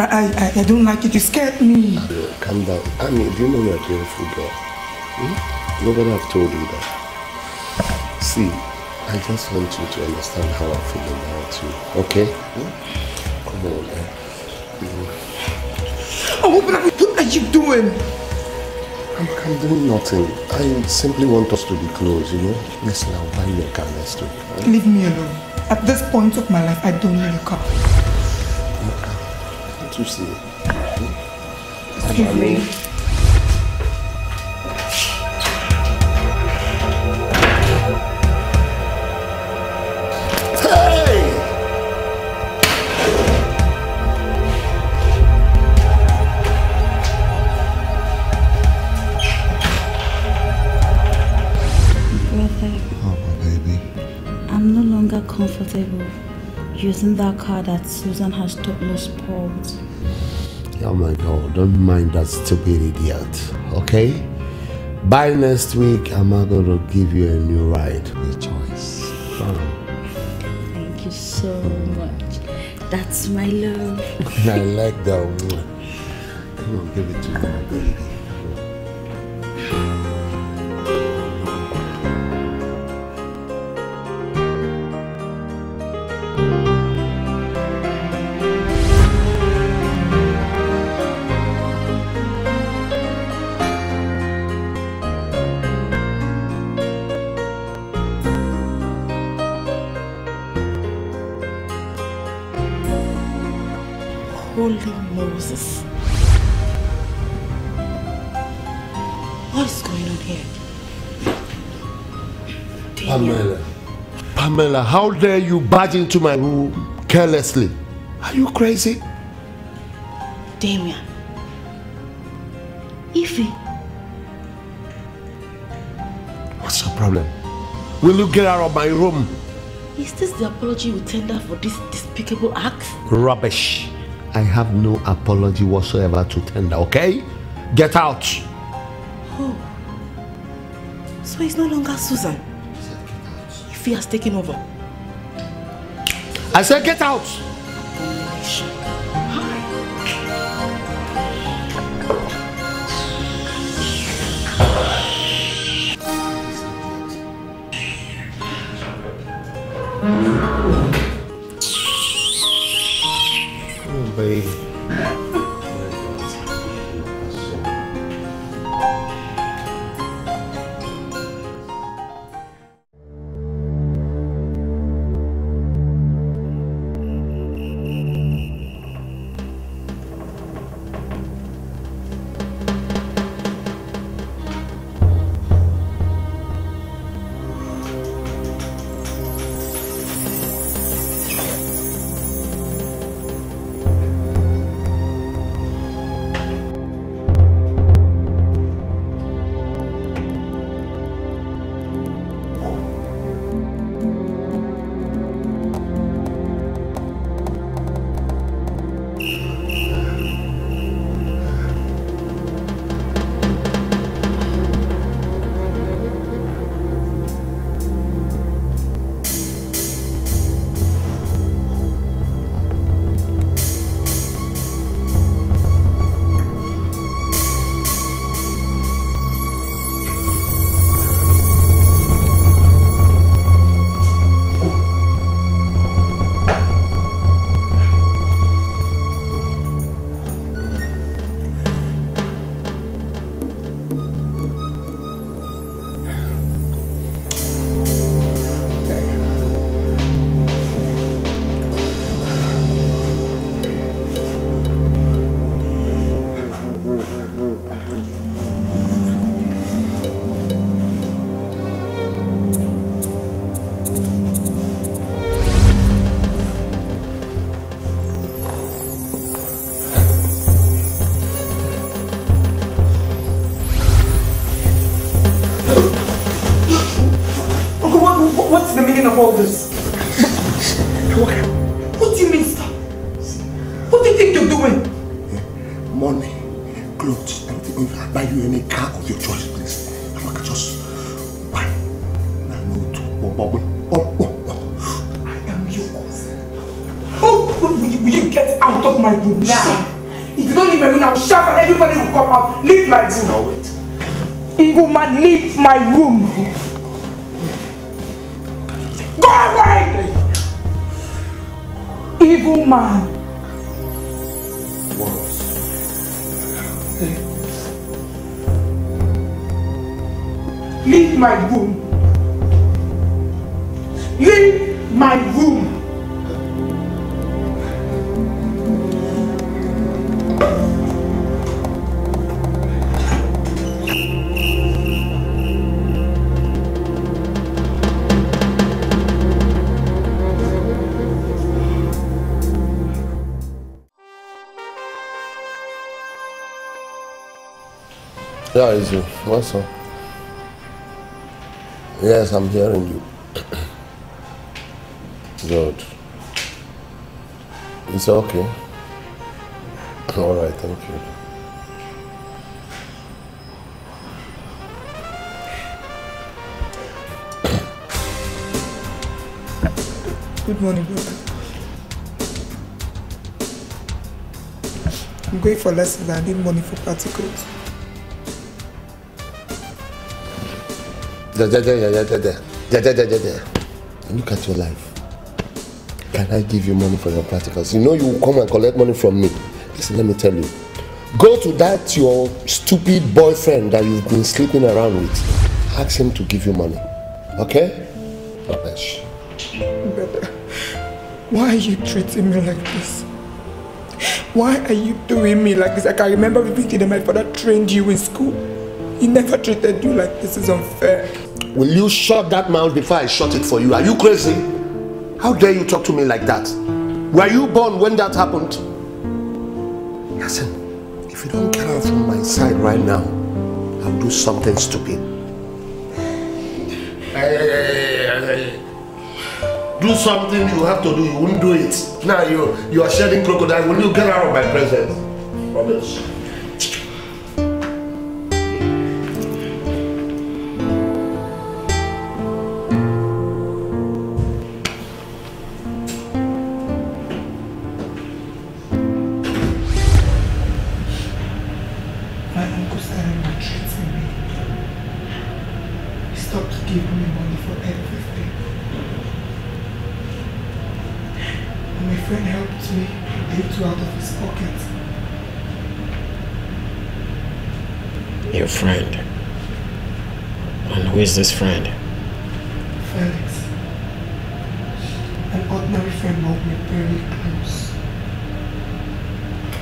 I, I, I don't like it. You scared me. Come calm down. I mean, do you know you're a careful girl? Hmm? Nobody have told you that. See, I just want you to understand how I feel about you, okay? Hmm? Come on, man. Oh, what are you doing? I'm, I'm doing nothing. I simply want us to be close, you know? Listen, I'll buy you a canister. Leave me alone. At this point of my life, I don't need a car. Excuse me. oh, my baby. I'm no longer comfortable using that car that Susan has taught us, Paul. Oh my God, don't mind that stupid idiot, okay? By next week, I'm gonna give you a new ride with choice. Thank you so much. That's my love. I like that one. Come on, give it to me, baby. How dare you barge into my room carelessly? Are you crazy? Damien. Ife, What's your problem? Will you get out of my room? Is this the apology you tender for this despicable act? Rubbish. I have no apology whatsoever to tender, okay? Get out. Oh. So he's no longer Susan. If he has taken over. I said, Get out. What's up? Yes, I'm hearing you. Good. It's okay. All right, thank you. Good morning, brother. I'm going for lessons. I need money for particles. Look at your life. Can I give you money for your practicals? You know you come and collect money from me. Listen, let me tell you. Go to that your stupid boyfriend that you've been sleeping around with. Ask him to give you money. Okay? Rubbish. Brother, why are you treating me like this? Why are you doing me like this? I can remember vividly that my father trained you in school. He never treated you like this is unfair. Will you shut that mouth before I shut it for you? Are you crazy? How dare you talk to me like that? Were you born when that happened? Listen, if you don't get out from my side right now, I'll do something stupid. Do something you have to do, you won't do it. Now you, you are shedding crocodile. Will you get out of my presence? Promise. is this friend? Felix. An ordinary friend, but we're very close.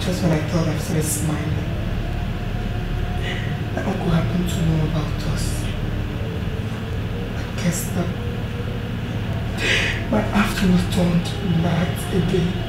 Just when I thought I started smiling, my uncle happened to know about us. I guess that my afternoon turned night again.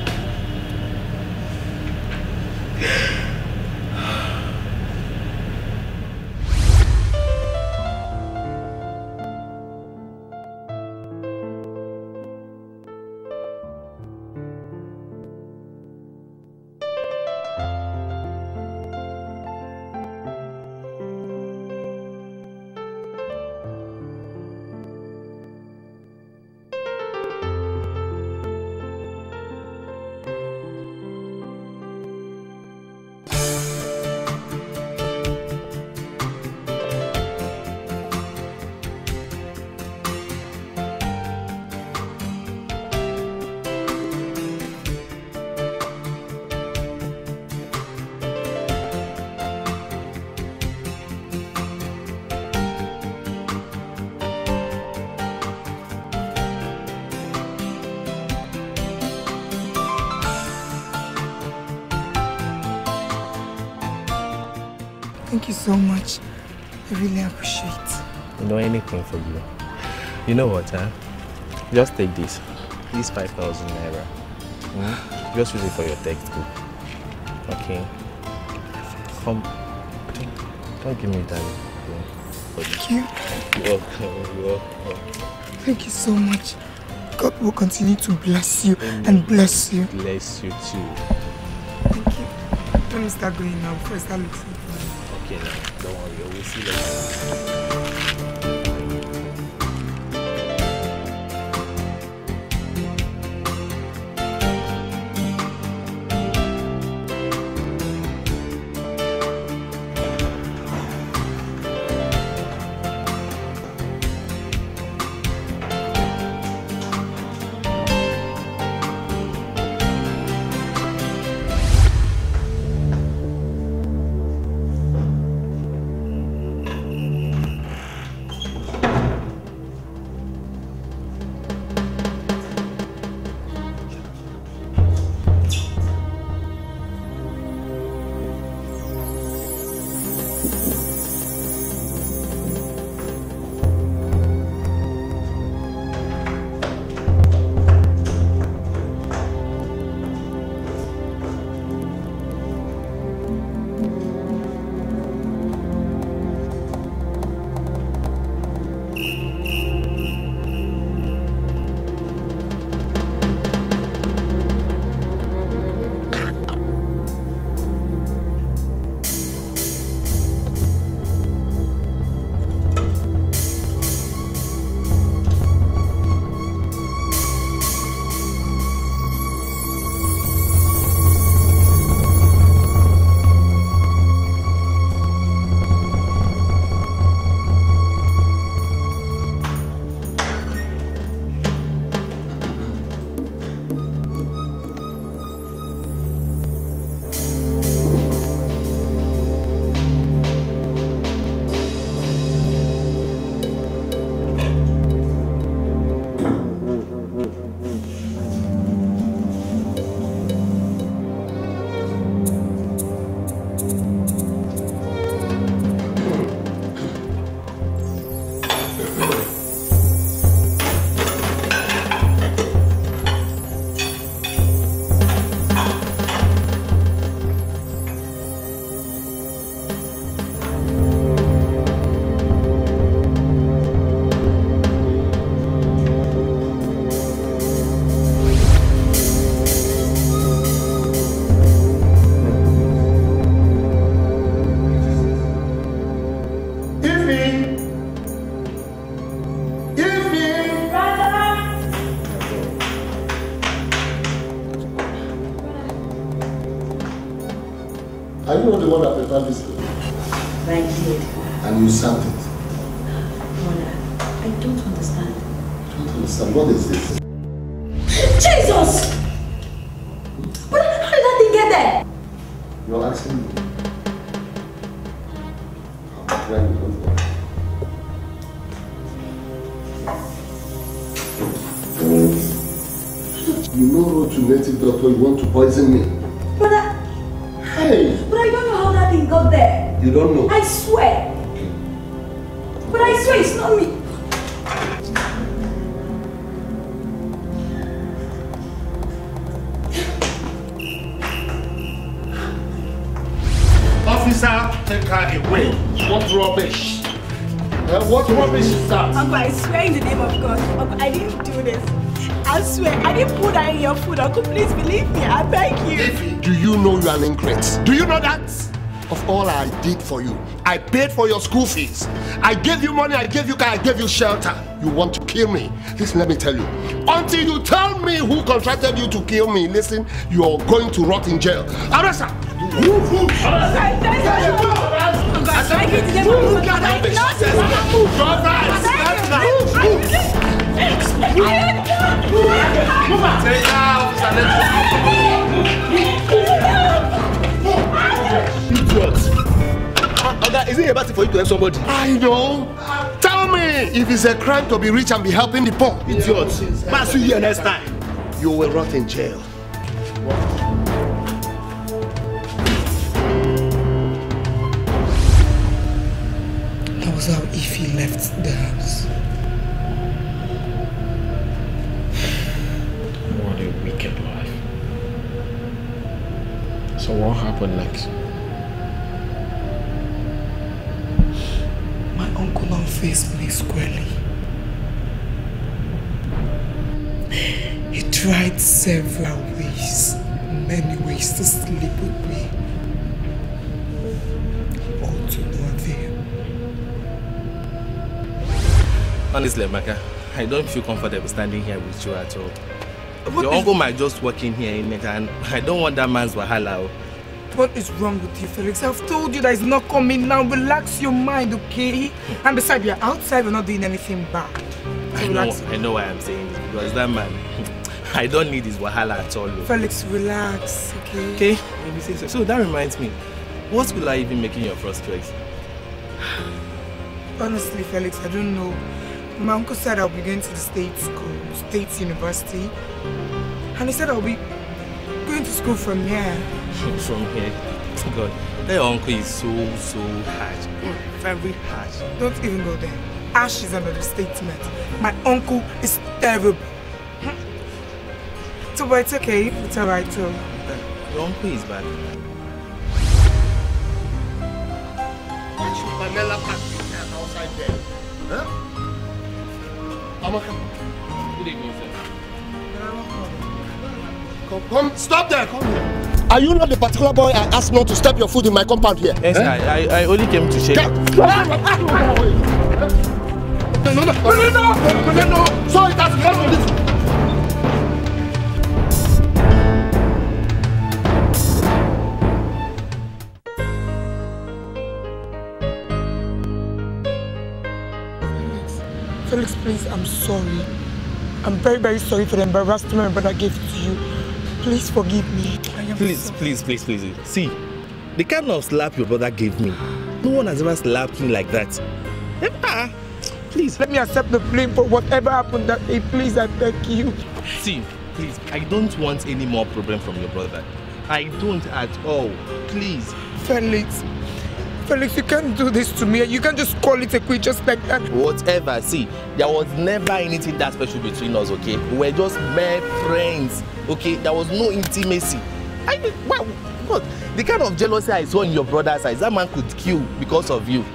so much. I really appreciate. it. You know, anything for you. You know what, huh? Just take this. This 5,000 Naira. Mm? Just use it for your textbook. Okay? Come. Don't, don't give me that. Thank you. You're welcome. You're welcome. Thank you so much. God will continue to bless you Amen. and bless you. Bless you too. Thank you. Let me start going now before I start looking okay now. Don't worry, we will see you later. you the one that prepared this food. I did. And you sent it. Mother, I don't understand. don't understand. What is this? Jesus! But how did that thing get there? You're asking me. You know what you let doctor, you want to poison me. Answer, take her away. What rubbish? Uh, what rubbish is that? Uncle, I swear in the name of God, Uncle, I didn't do this. I swear, I didn't put that in your food, Uncle. Please believe me, I beg you. do you know you are an ingrate? Do you know that? Of all I did for you, I paid for your school fees. I gave you money, I gave you car, I gave you shelter. You want to kill me? Listen, let me tell you. Until you tell me who contracted you to kill me, listen, you're going to rot in jail. Arrest her! Is it a bad thing for you to help somebody? I know. Tell me if it's a crime to be rich and be helping the poor. Idiot. Pass you here next time. You will rot in jail. What? was how he left the house. What a wicked life. So what happened next? My uncle now faced me squarely. He tried several ways, many ways to sleep with me. Honestly, Emeka, I don't feel comfortable standing here with you at all. What Your uncle might just walk in here in eh, it and I don't want that man's wahala. Oh. What is wrong with you, Felix? I've told you that he's not coming now. Relax your mind, okay? And besides, we are outside. We're not doing anything bad. So I know, relax. I know why I'm saying this because that man, I don't need his wahala at all. Oh. Felix, relax, okay? Okay. So. so that reminds me, what will I even making your first choice? Honestly, Felix, I don't know. My uncle said I'll be going to the state school, state university. And he said I'll be going to school from here. from here? God, that uncle is so, so hard. Mm. Very hard. Don't even go there. Ash is another statement. My uncle is terrible. Hmm. So, but it's okay. It's alright, too. Uh, your uncle is bad. Pamela outside there? Huh? Ama come, come, stop there, come here. Are you not the particular boy I asked not to step your foot in my compound here? Yes, eh? I, I, only came to shake. Get. No, no, no, no, no, no, no, no, no. So it has come to this. please, I'm sorry. I'm very, very sorry for the embarrassment my brother gave to you. Please forgive me. Please, sorry. please, please, please. See, the kind of slap your brother gave me, no one has ever slapped me like that. Ah, please, let me accept the blame for whatever happened that day. Please, I beg you. See, please, I don't want any more problem from your brother. I don't at all. Please. Felix, Felix, you can't do this to me. You can't just call it a quit just like that. Whatever. See, there was never anything that special between us, okay? We were just mere friends, okay? There was no intimacy. I mean, what? God, the kind of jealousy I saw in your brother's eyes, that man could kill because of you.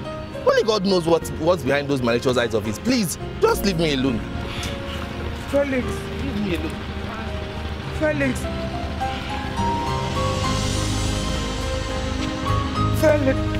Only God knows what, what's behind those malicious eyes of his. Please, just leave me alone. Felix. Leave me alone. Felix. Felix.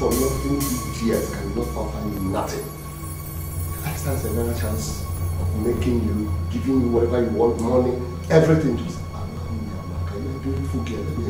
for nothing ETS cannot offer you nothing. I stands another chance of making you, giving you whatever you want, money, everything. Just allow ah, me, Amaka. You're a beautiful girl.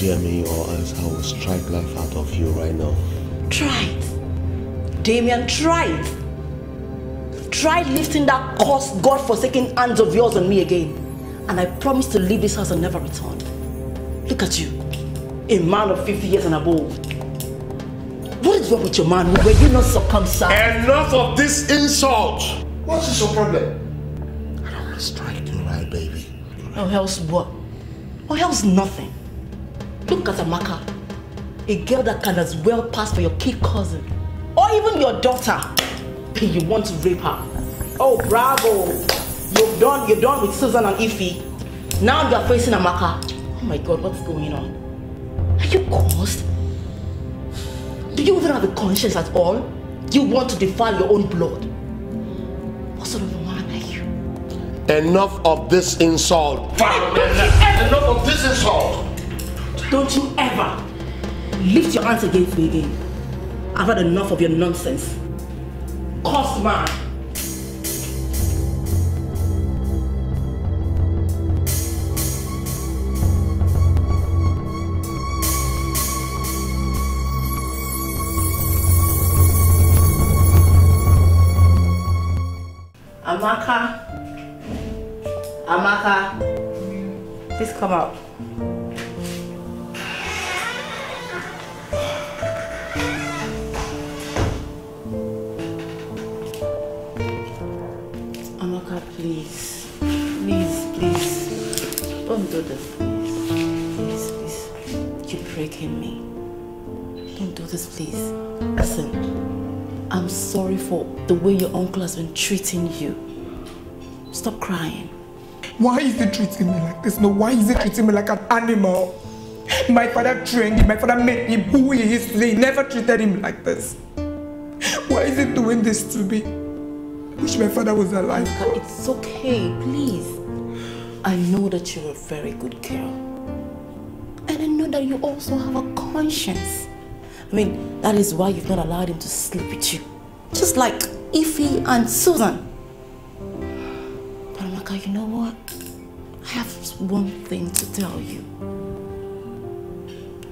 Dare me or else I will strike life out of you right now. Try it. Damien, try it. Try lifting that cursed, God-forsaken hands of yours on me again. And I promise to leave this house and never return. Look at you. A man of 50 years and above. What is wrong with your man? Were you not circumcised? Enough of this insult! What is your problem? I don't want to strike you right, baby. Or else what? Or else nothing. Look at Amaka. A girl that can as well pass for your kid cousin. Or even your daughter. You want to rape her. Oh, bravo. You've done, you're done with Susan and Ify. Now you're facing Amaka. Oh my God, what's going on? Are you cursed? Do you even have a conscience at all? You want to defile your own blood? What sort of man are you? Enough of this insult. Enough of this insult. Don't you ever lift your hands against me again. I've had enough of your nonsense. Cosma! Amaka. Amaka. Please come out. been treating you. Stop crying. Why is he treating me like this? No, why is he treating me like an animal? My father trained him, my father made him who he is today. He never treated him like this. Why is he doing this to me? I wish my father was alive. Monica, it's okay, please. I know that you're a very good girl. And I know that you also have a conscience. I mean, that is why you've not allowed him to sleep with you. Just like Ify and Susan. But Amaka, oh, you know what? I have one thing to tell you.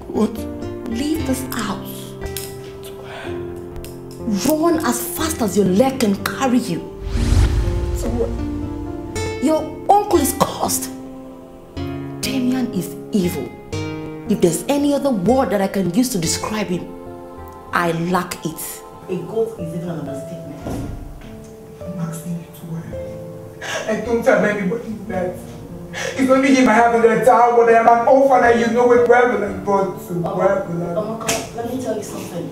What? Leave this house. Run as fast as your leg can carry you. So what? Your uncle is cursed. Damian is evil. If there's any other word that I can use to describe him, I lack it. A goat is even an understatement. Maxine, it's worth. you to I don't tell anybody that. It's only him I have in the town, but I am an orphan and you know it prevalent, but prevalent. Amaka, let me tell you something.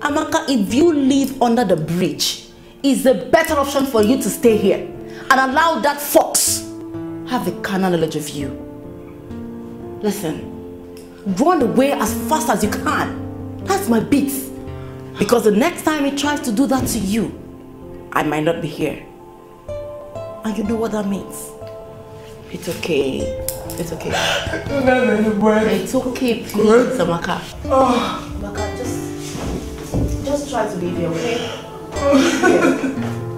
Amaka, if you live under the bridge, is a better option for you to stay here and allow that fox have a carnal knowledge of you. Listen, run away as fast as you can. That's my beats. Because the next time he tries to do that to you, I might not be here. And you know what that means. It's okay. It's okay. it's okay, please, Samaka. Oh. Samaka, just, just try to leave here, okay?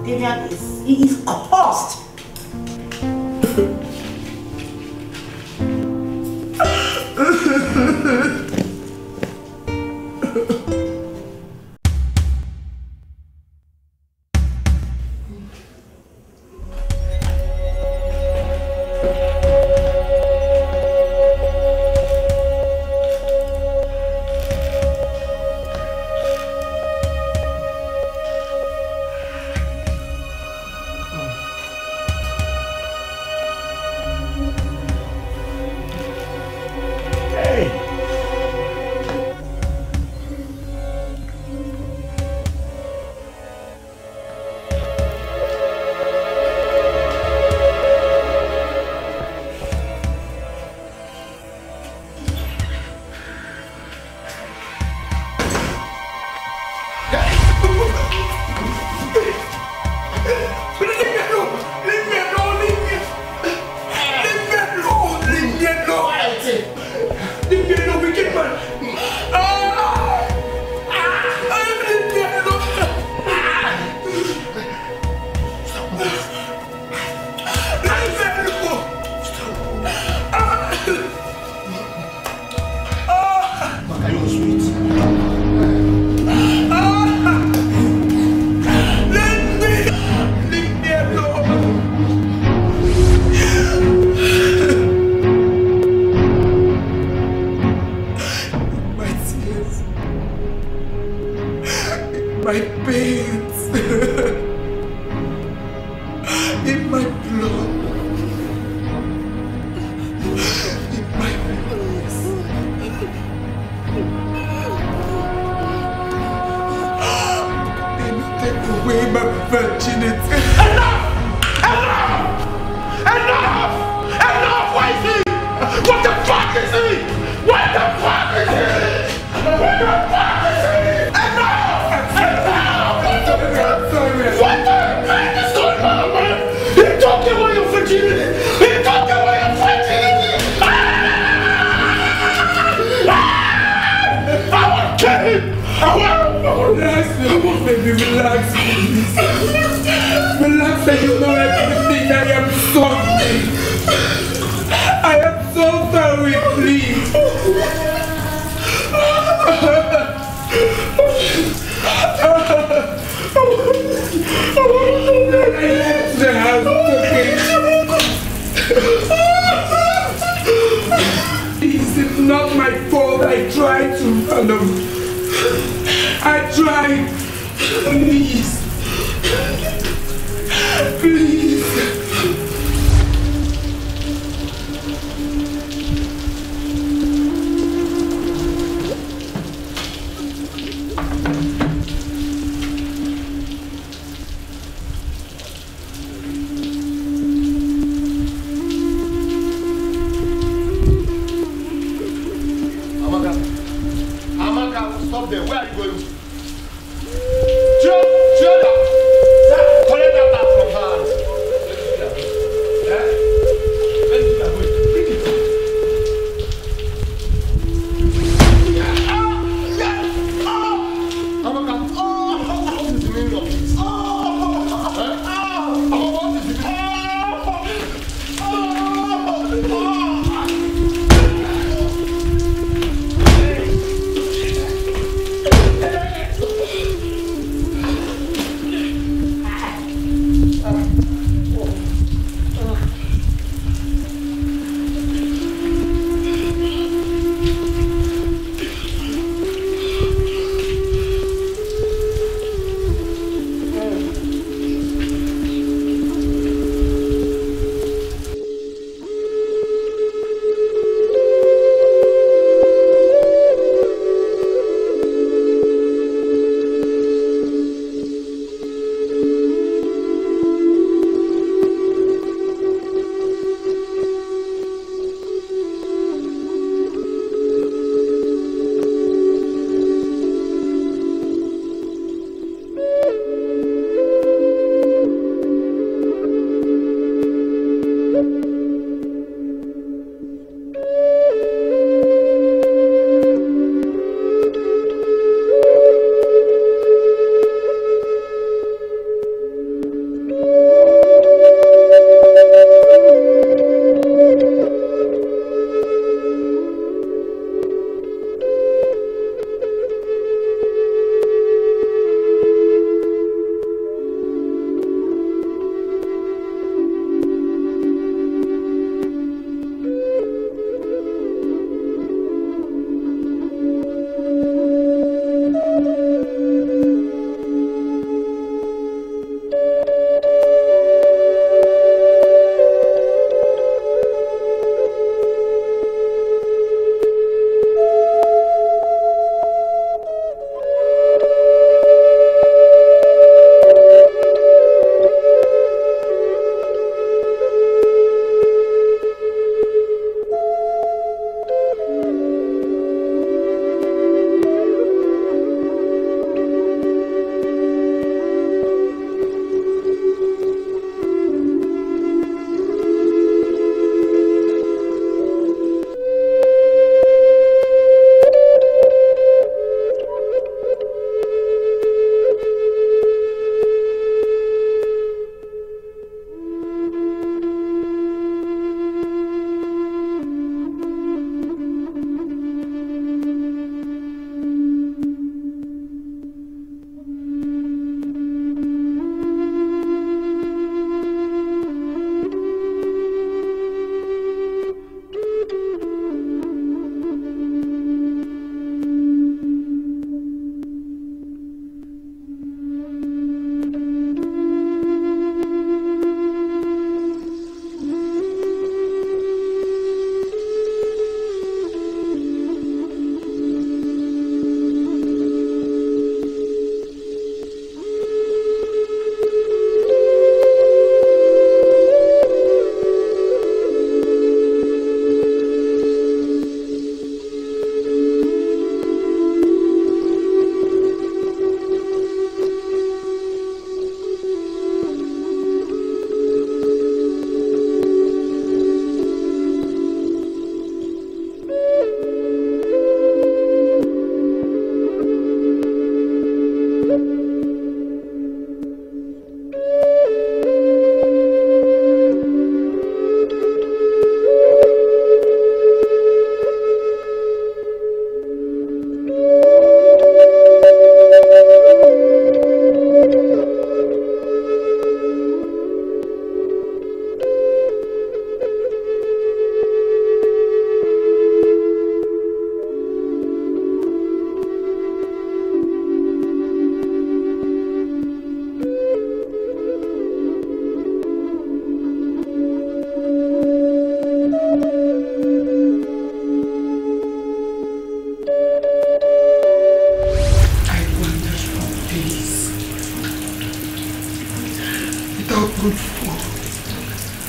Damian is, he is cursed.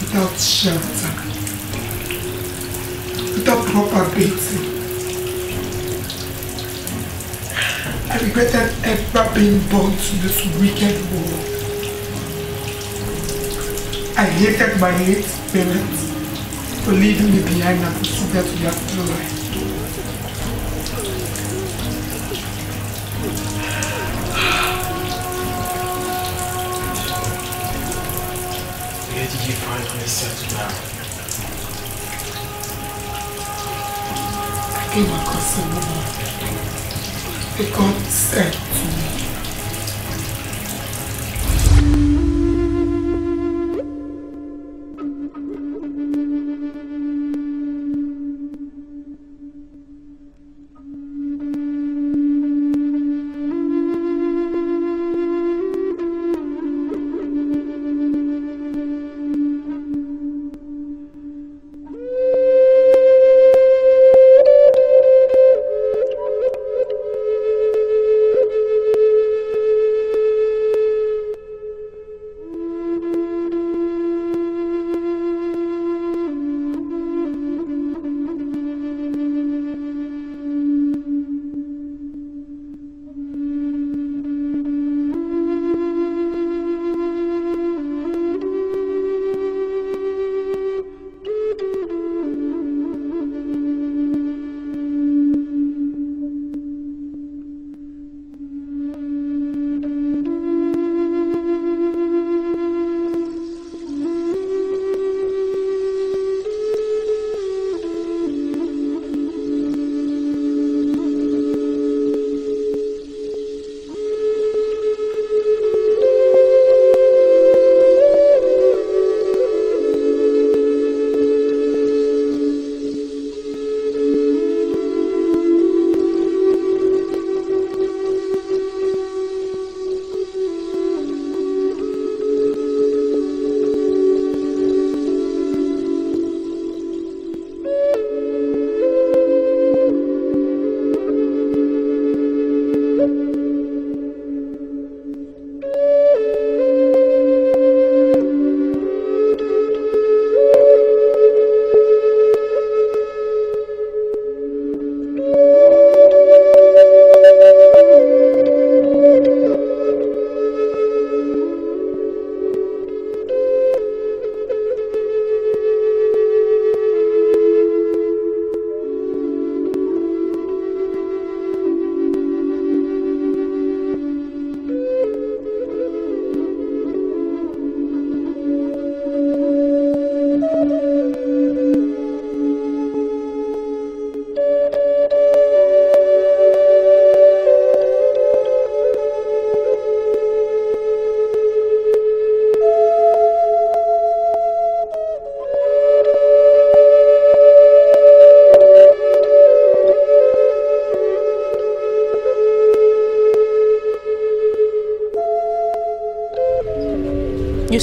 without shelter, without proper bathing. I regretted ever being born to this wicked world. I hated my late parents for leaving me behind and we have to their saturado. Quem não consegue né? e consegue.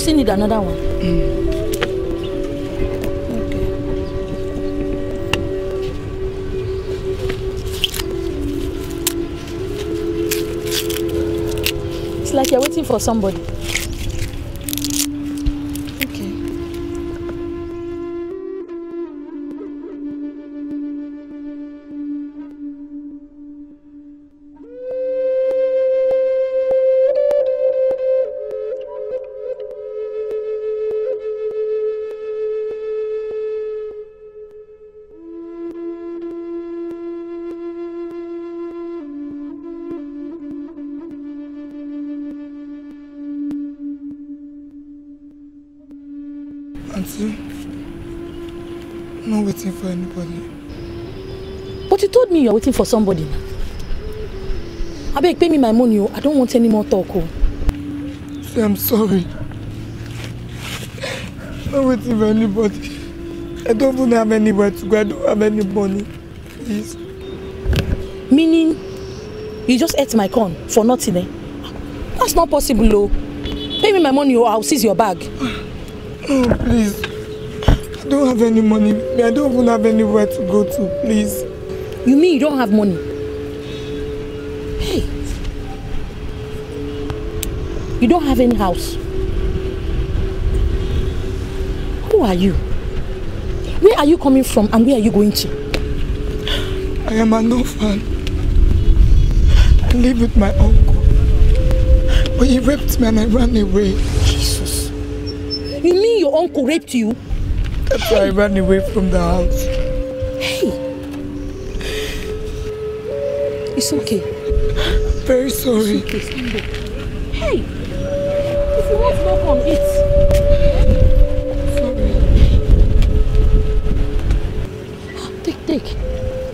still need another one. Mm. like you're waiting for somebody. for anybody. But you told me you're waiting for somebody. I beg, pay me my money. Oh. I don't want any more talk. Oh. I'm sorry. I'm not waiting for anybody. I don't even have anywhere to go. I don't have any money. Please. Meaning, you just ate my corn for nothing, eh? That's not possible, oh. Pay me my money or oh. I'll seize your bag. Oh, please. I don't have any money. I don't even have anywhere to go to, please. You mean you don't have money? Hey. You don't have any house. Who are you? Where are you coming from and where are you going to? I am an orphan. I live with my uncle. But he raped me and I ran away. Jesus. You mean your uncle raped you? why I ran away from the house. Hey! It's okay. Very sorry. It's okay. Hey! If you want knock on it. Sorry. Take, take.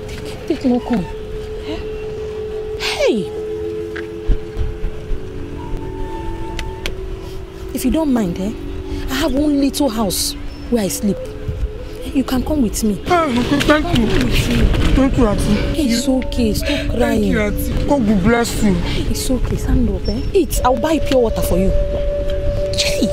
Take, take knock on. Hey! If you don't mind, eh? I have one little house where I sleep. You can come with me. Ah, thank you. Thank you, Ati. It's okay. Stop crying. Thank you, Auntie. God will bless you. It's okay. Stand up. Eh? Eat. I'll buy pure water for you. Gee.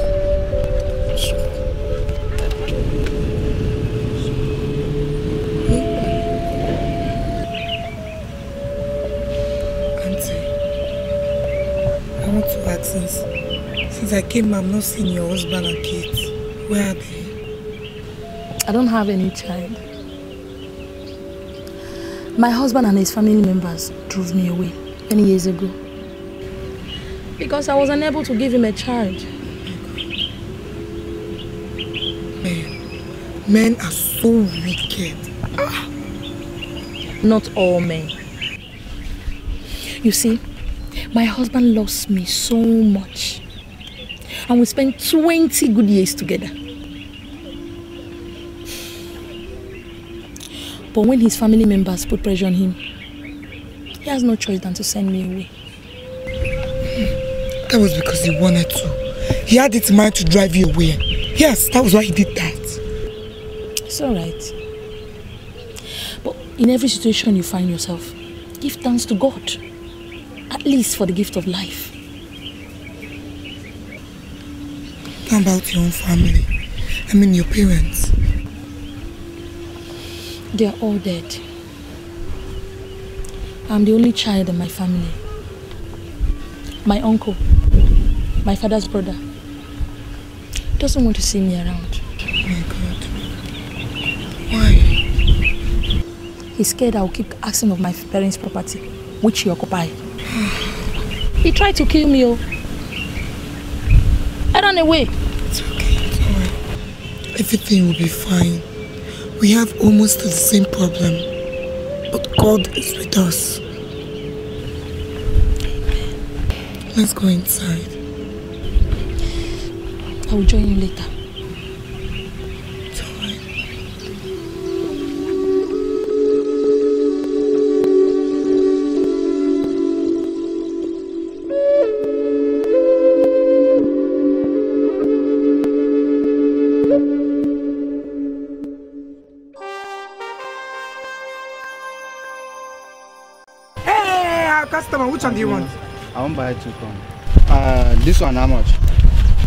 Auntie, I want to ask since, since I came, I'm not seeing your husband and kids. Where are they? don't have any child. My husband and his family members drove me away many years ago because I was unable to give him a child. Men, men are so wicked. Ah. Not all men. You see, my husband loves me so much. And we spent 20 good years together. But when his family members put pressure on him, he has no choice than to send me away. Hmm. That was because he wanted to. He had it in mind to drive you away. Yes, that was why he did that. It's alright. But in every situation you find yourself, give thanks to God. At least for the gift of life. What about your own family? I mean your parents. They're all dead. I'm the only child in my family. My uncle, my father's brother, doesn't want to see me around. Oh my God. Why? He's scared I'll keep asking of my parents' property, which he occupied. he tried to kill me. Oh. I ran away. It's okay, it's alright. Everything will be fine. We have almost the same problem, but God is with us. Let's go inside. I will join you later. Which one do you want? I want buy two come. Uh, this one how much?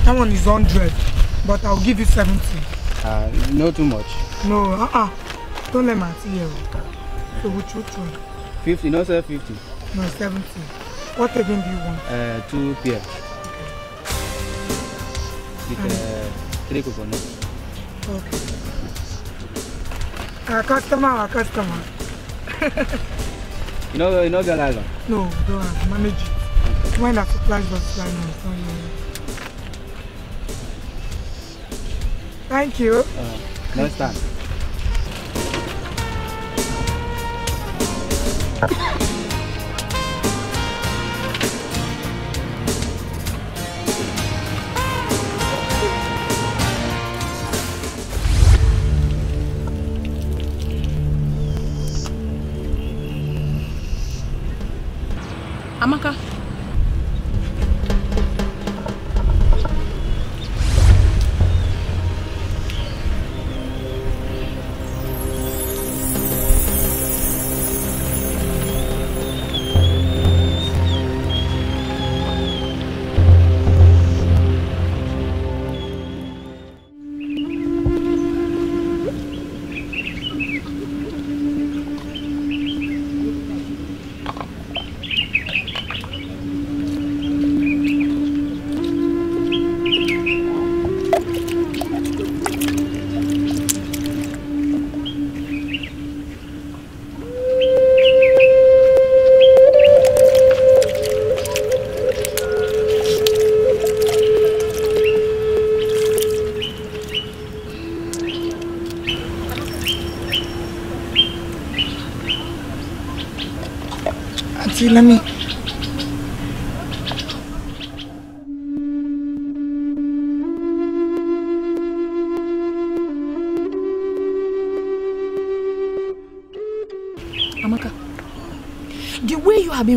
That one is 100, but I'll give you 70. Uh, no too much. No, uh-uh. Don't let my see here. So which, which one? 50, no sir, 50. No, 70. What again do you want? Uh, two pairs. Okay. With uh, three coconut. Okay. Our customer, our customer. You know, you know Galaga? No, don't have. Manage When that supplies does supply you. Thank you. Uh, next Amaka,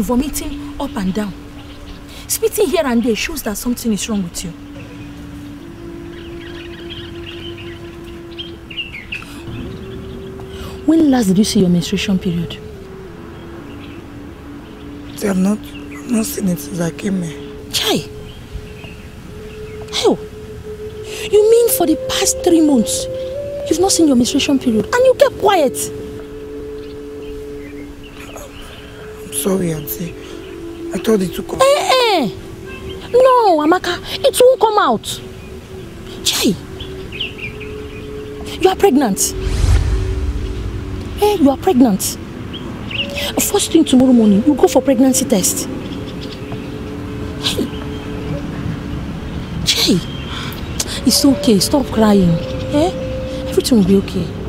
vomiting up and down. Spitting here and there shows that something is wrong with you. When last did you see your menstruation period? I have not, not seen it since I came here. Chai! How? You mean for the past three months, you've not seen your menstruation period and you kept quiet? sorry, auntie. I told it to come. Eh, hey. Eh. No, Amaka, it won't come out. Chai, you are pregnant. Hey, eh, you are pregnant. First thing tomorrow morning, you go for pregnancy test. Hey. Chai, it's okay. Stop crying. Eh? Everything will be okay.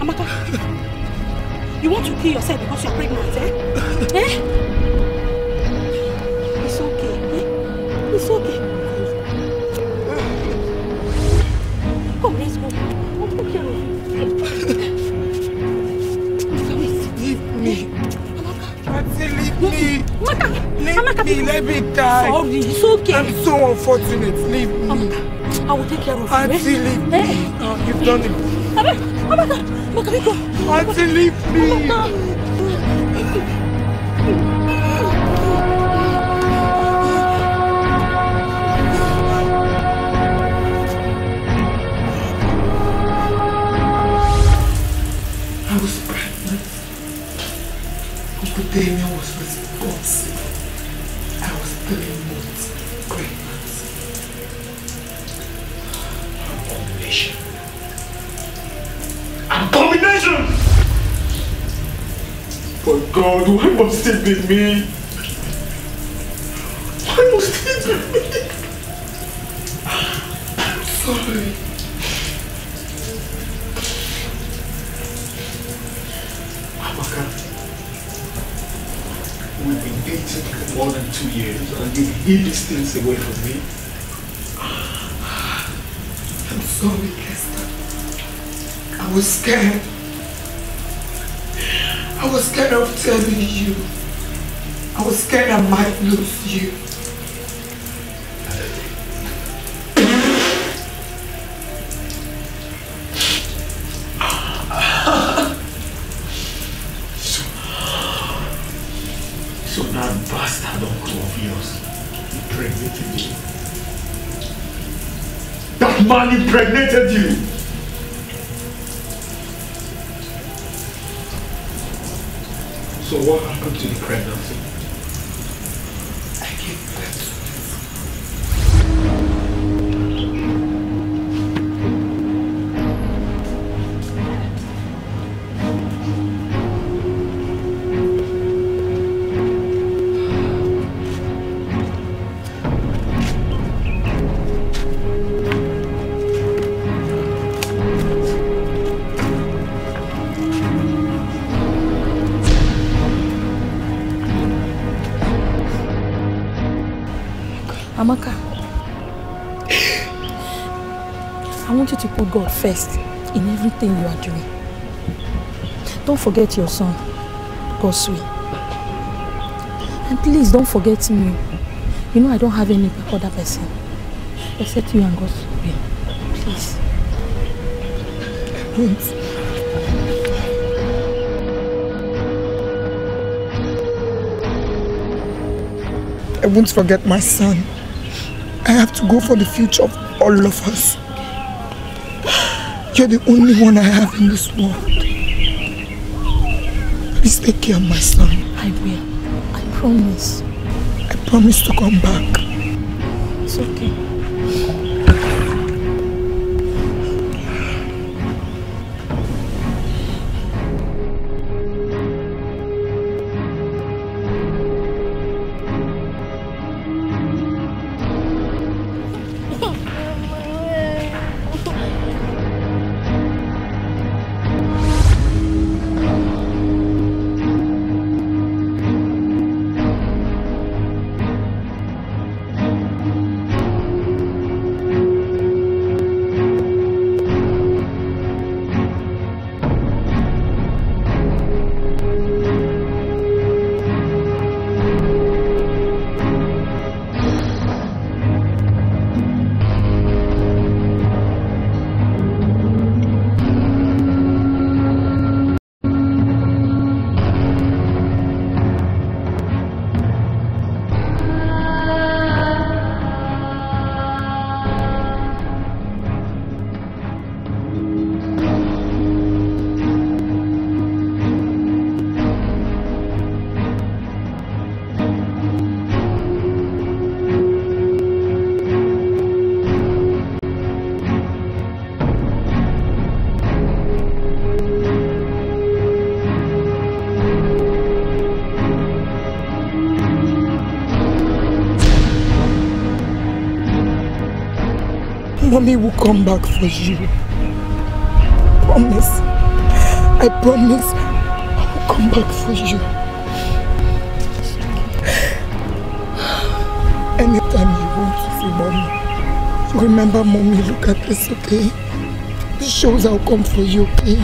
Amaka, you want to kill yourself because you're pregnant, eh? eh? Amaka, please. Let me die. Sorry, it's okay. I'm so unfortunate. Leave me. Amaka, I will take care of you. Auntie, eh? leave me. Hey. Eh? Oh, you've done it. Amaka, Amaka, Amaka, go. Auntie, leave me. Amaka. Why must it be me? Why must it be me? I'm sorry. Amaka, we've been dating for more than two years and you hid these things away from me. I'm sorry, Kester. I was scared. I was scared I might lose you. so, so bastard uncle of yours impregnated you. That man impregnated you. to be credible. first in everything you are doing. Don't forget your son, Goswe. And please don't forget me. You know I don't have any other person. Except you and Goswe. Please. Please. I won't forget my son. I have to go for the future of all of us. You're the only one I have in this world. Please take care of my son. I will. I promise. I promise to come back. It's okay. Mommy will come back for you. Promise. I promise I will come back for you. Anytime you want to see mommy, remember mommy, look at this, okay? This shows I'll come for you, okay?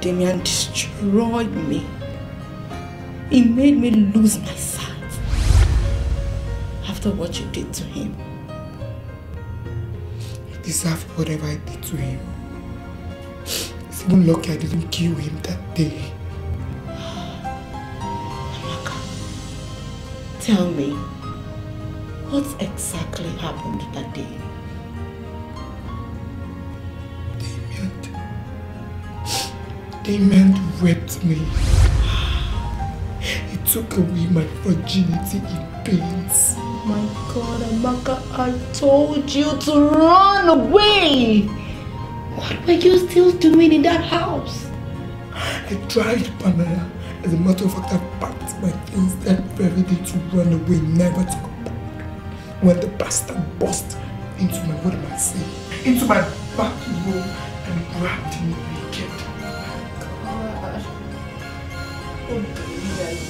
afflicted and destroyed me. He made me lose my sight after what you did to him. He deserved whatever I did to him. It's even lucky I didn't kill him that day. Amaka, tell me, what exactly happened that day? experiment raped me. It took away my virginity in pains. My God, Amaka, I told you to run away! What were you still doing in that house? I tried, Pamela. As a matter of fact, I packed my things that very day to run away, never to come back. When the bastard burst into my, what am I saying? Into my bathroom and grabbed me. Past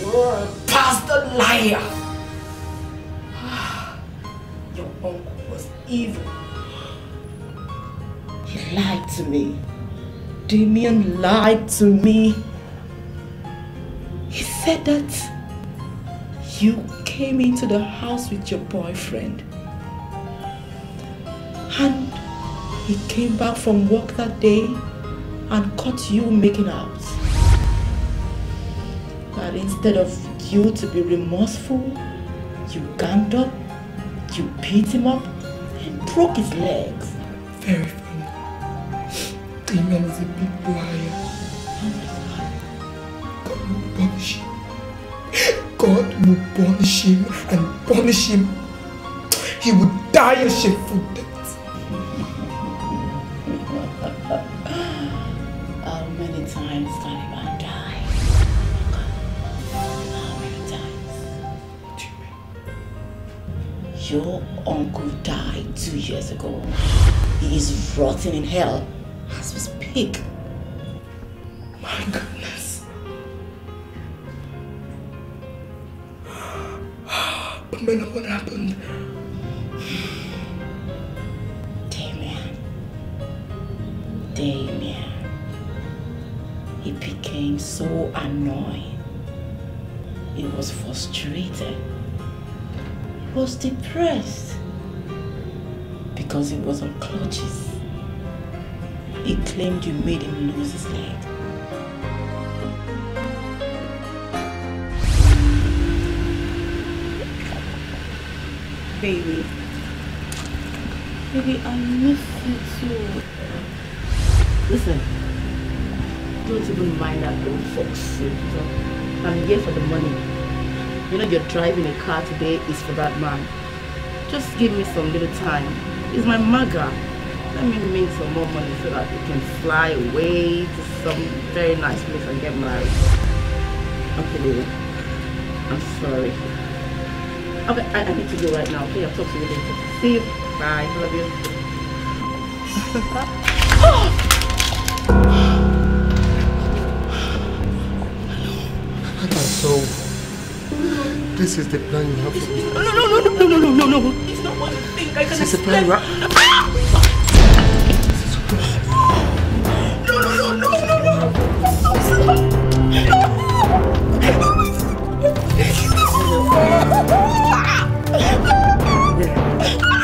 the Pastor liar! Your uncle was evil. He lied to me. Damien lied to me. He said that you came into the house with your boyfriend. And he came back from work that day and caught you making out that instead of you to be remorseful, you ganged up, you beat him up, and broke his legs. Very funny. The man is a big liar. God will punish him. God will punish him and punish him. He will die a shameful death. uncle died two years ago. He is rotting in hell as we speak. My goodness. Pamela, what happened? Damien. Damien. He became so annoyed. He was frustrated. He was depressed because it was on clutches. He claimed you made him lose his leg. Baby. Baby, I miss you too. Listen, don't even mind that old fox. I'm here for the money. You know you're driving a car today is for that man. Just give me some little time is my mugger. Let me make some more money so that we can fly away to some very nice place and get married. Okay, Lily. I'm sorry. Okay, I, I need to go right now. Okay, I'll talk to you later. See you. Bye. Love you. I so this is the plan you have for me. No, no, no, no, no, no, no, no, no. It's not what you think. I can This is the plan you have. Ah! No, no, no, no, no, No. This is the plan.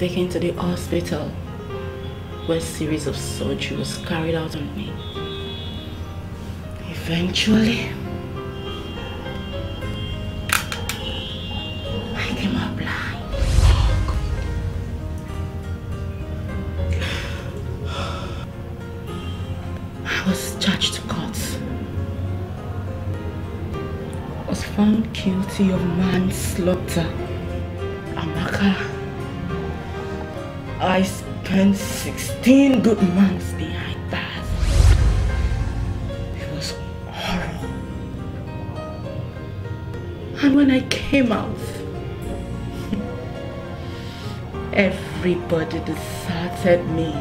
taken to the hospital where a series of surgery was carried out on me. Eventually, I came out blind. I was charged to court. I was found guilty of manslaughter. spent 16 good months behind bars. It was horrible. And when I came out, everybody deserted me.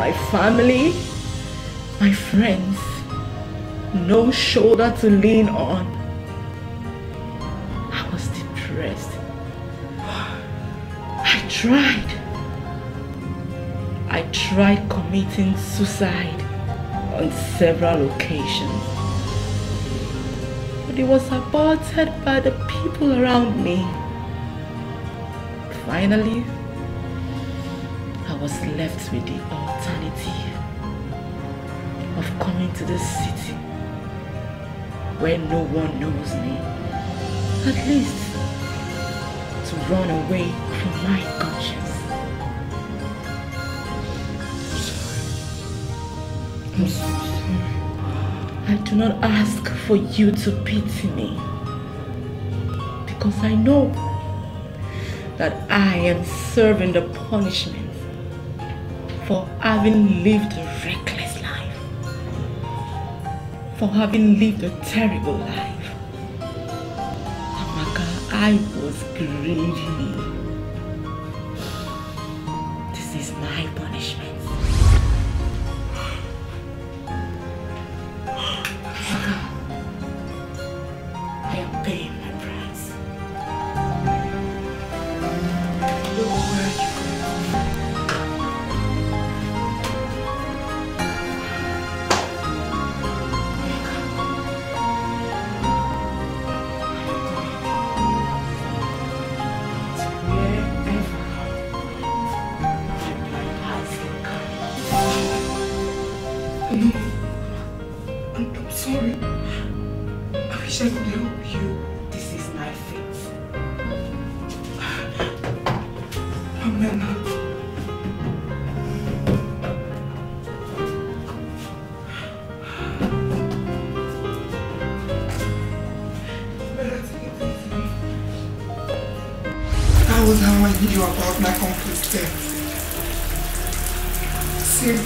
My family, my friends, no shoulder to lean on. tried committing suicide on several occasions. But it was aborted by the people around me. Finally, I was left with the alternative of coming to this city where no one knows me. At least to run away from my conscience. do not ask for you to pity me. Because I know that I am serving the punishment for having lived a reckless life. For having lived a terrible life. Amaka, oh I was grieving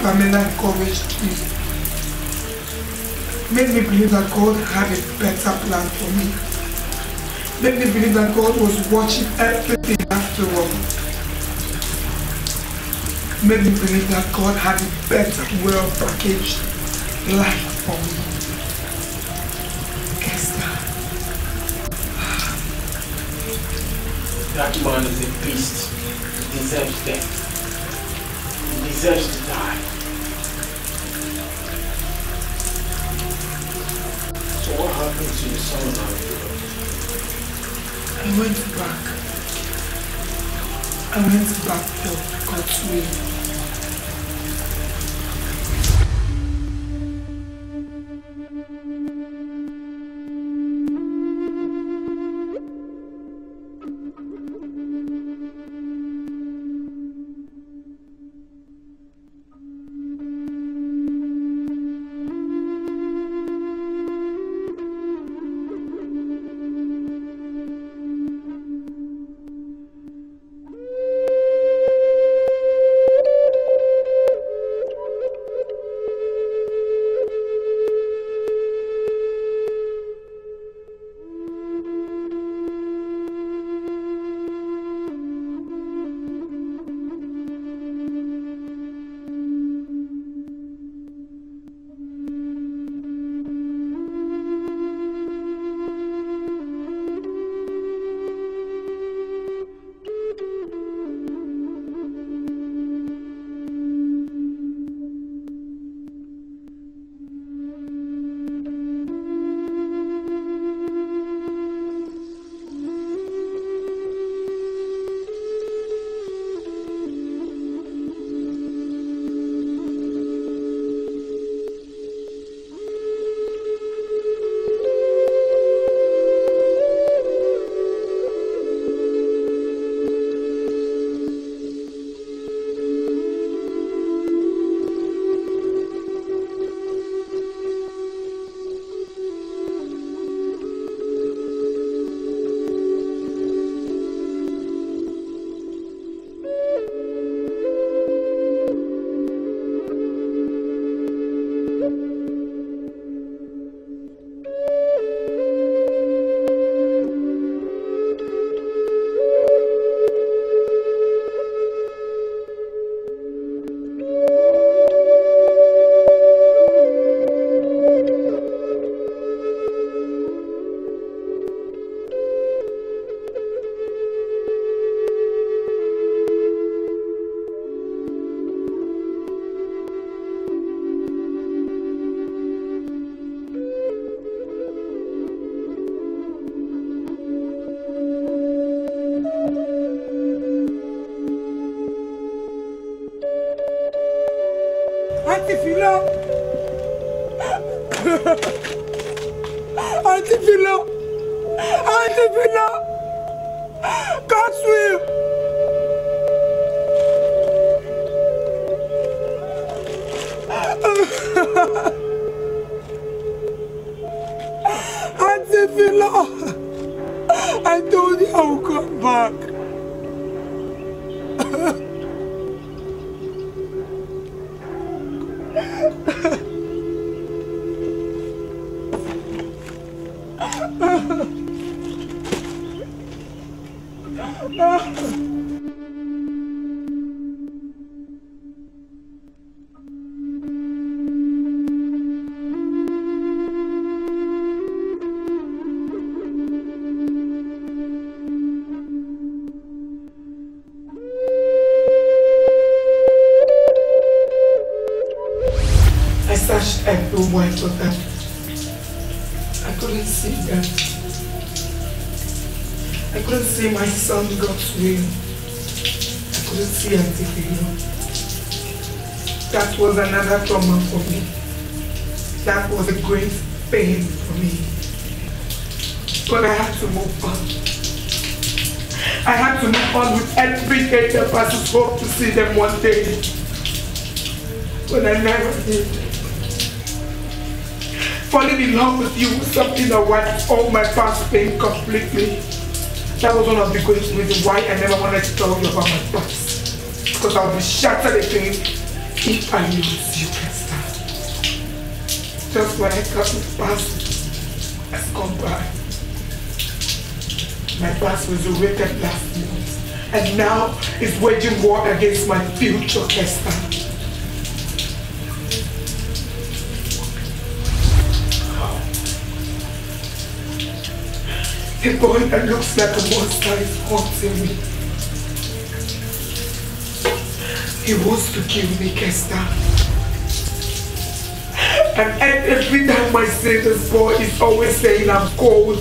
Pamela made me believe that God had a better plan for me, made me believe that God was watching everything after all, made me believe that God had a better, well-packaged life for me. Esther. That man is a beast. He deserves death. He deserves to die. happened to the of I went back. I went back to God's will. I couldn't see that. I couldn't see my son God's will. I couldn't see anything. That was another trauma for me. That was a great pain for me. But I had to move on. I had to move on with every day that just hope to see them one day. But I never did falling in love with you was something that wiped all my past pain completely. That was one of the greatest reasons why I never wanted to tell you about my past. Because I'll be shattered again if I lose you, Esther. Just when I thought the past has gone by. My past was a last month. And now it's waging war against my future, Esther. It looks like a monster is haunting me. He wants to kill me, Kester. And every time my sinner's boy is always saying I'm cold,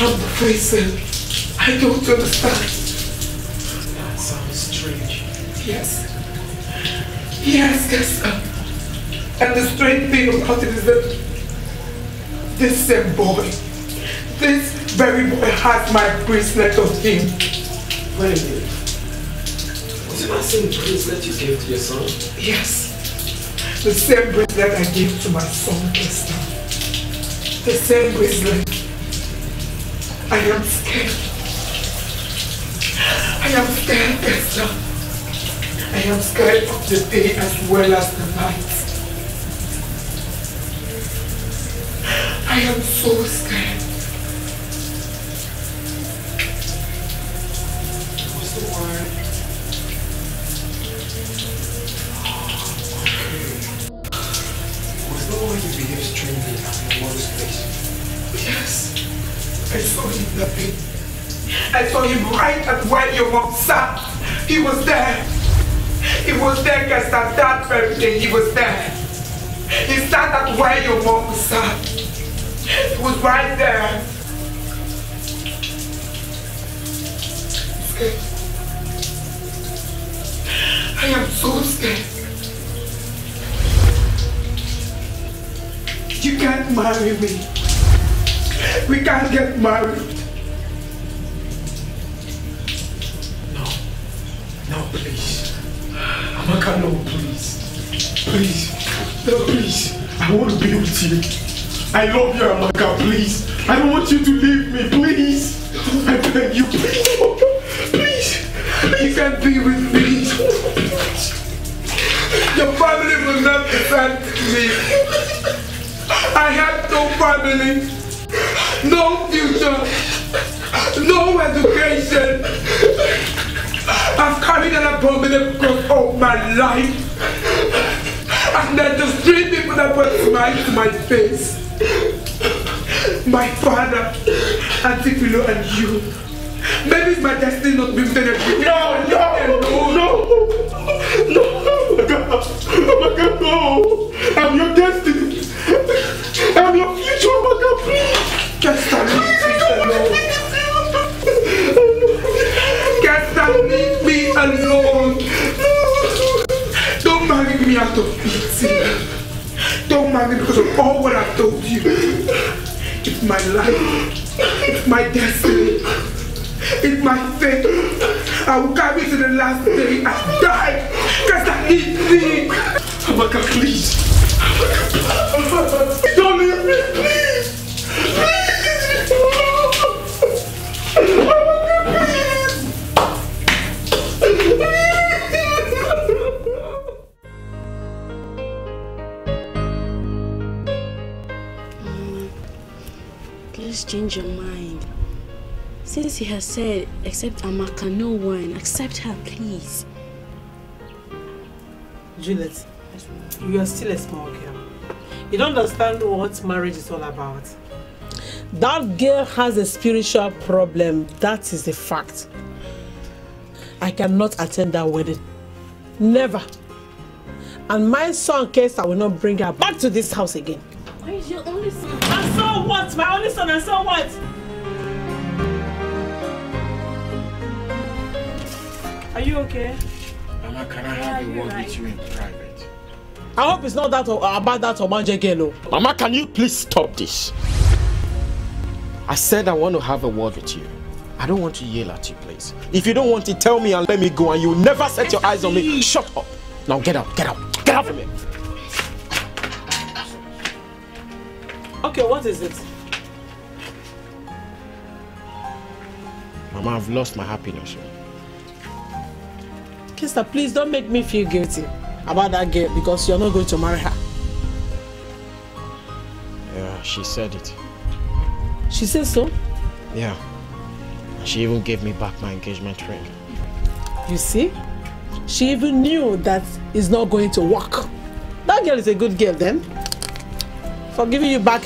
I'm freezing. I don't understand. That sounds strange. Yes. Yes, Kester. And the strange thing about it is that this same boy had my bracelet of him. Wait a minute. Was it that same bracelet you gave to your son? Yes. The same bracelet I gave to my son Kester. The same bracelet. I am scared. I am scared, Kester. I am scared of the day as well as the night. I am so scared. Tekkes and that very day he was there. He sat at where your mom sat. He was right there. I am so scared. You can't marry me. We can't get married. No. No, please. Amaka, no, please. Please. No, please. I want to be with you. I love you, Amaka, please. I don't want you to leave me, please. I beg you, please. Please. can't be with me. Your family will not defend me. I have no family, no future, no education. I've carried an abominable cross all my life. And then the three people that put smiles to my face. My father, Auntie Philo, and you. Maybe it's my destiny not being finished. No, no, no, no, no. Oh my God, oh my God, no. I'm your destiny. I'm your future, oh my God, please. Just stop please, please, please, please can't leave me, alone. Don't marry me out of pity. Don't marry me because of all what I've told you. It's my life. It's my destiny. It's my fate. I will carry to the last day I die. Because I need thee. Abaka, please. change your mind. Since he has said, except Amaka, no one, accept her, please. Juliet, you are still a small girl. You don't understand what marriage is all about. That girl has a spiritual problem. That is a fact. I cannot attend that wedding. Never. And my son Kesa will not bring her back to this house again. Why is your only son? And so what? My only son, and so what? Are you okay? Mama, can I have a word with you in private? I hope it's not that or, about that Omanje again. No. Mama, can you please stop this? I said I want to have a word with you. I don't want to yell at you, please. If you don't want to, tell me and let me go and you'll never set your eyes on me. Shut up. Now get out. get out. get out from here. Okay, what is it? Mama, I've lost my happiness. Oh. Kester, please don't make me feel guilty about that girl because you're not going to marry her. Yeah, she said it. She said so? Yeah. She even gave me back my engagement ring. You see? She even knew that it's not going to work. That girl is a good girl then for giving you back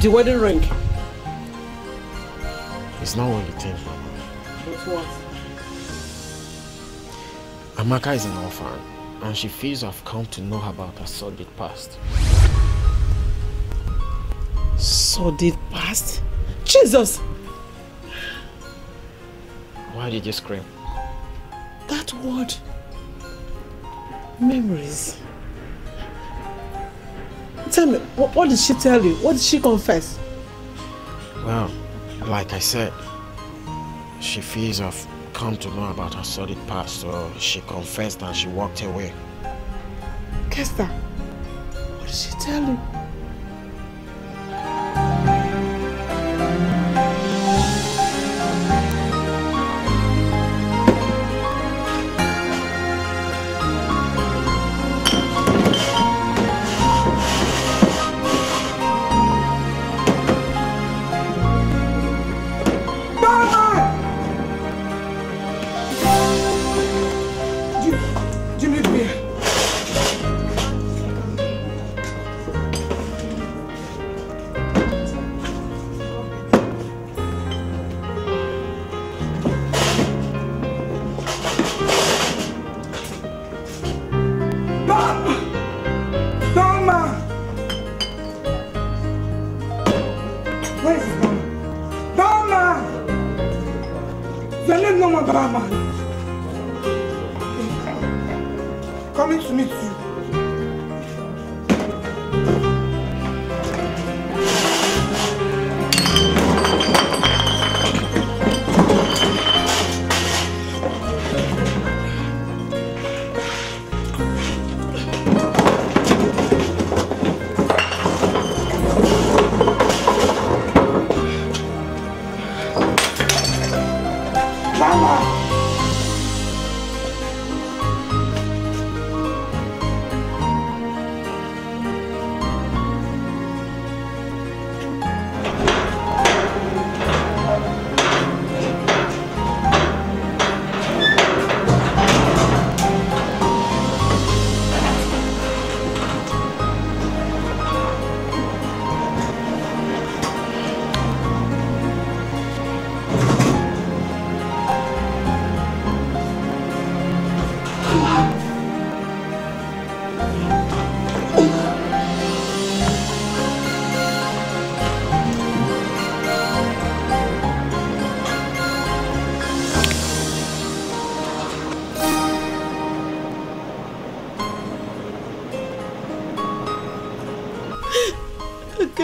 the wedding ring. It's not only Mama. It's what? Amaka is an orphan, and she feels I've come to know about her sordid past. Sordid past? Jesus! Why did you scream? That word. Memories. Tell me, what, what did she tell you? What did she confess? Well, like I said, she fears I've come to know about her sordid past, so she confessed and she walked away. Kester, what did she tell you?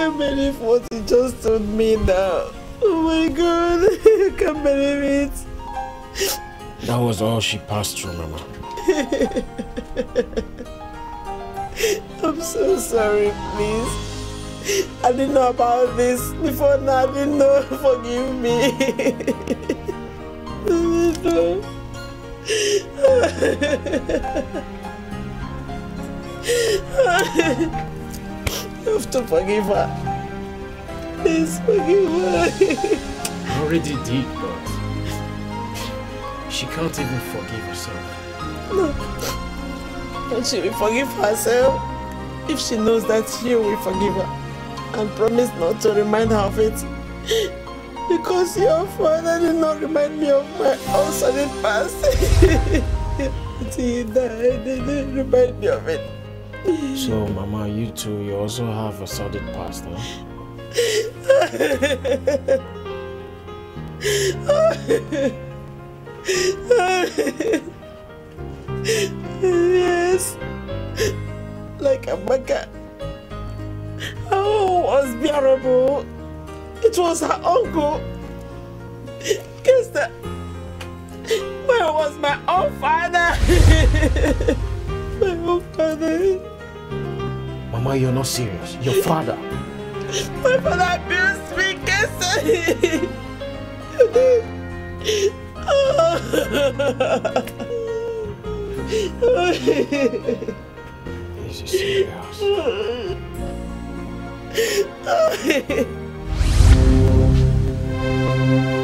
can't believe what he just told me now. Oh my god, I can't believe it. That was all she passed through, Mama. I'm so sorry, please. I didn't know about this. Before now, I didn't know. Forgive me. Forgive her. Please forgive her. Already did, but she can't even forgive herself. No. But she will forgive herself if she knows that you will forgive her and promise not to remind her of it. Because your father did not remind me of my own sudden past. he died, he didn't remind me of it. So, Mama, you too, you also have a sordid past, huh? yes. Like a mugger. Oh, it was bearable. It was her uncle. Guess that. Where was my own father? my own father. Mama, you're not serious. Your father. My father abused me, Kesari. This is serious.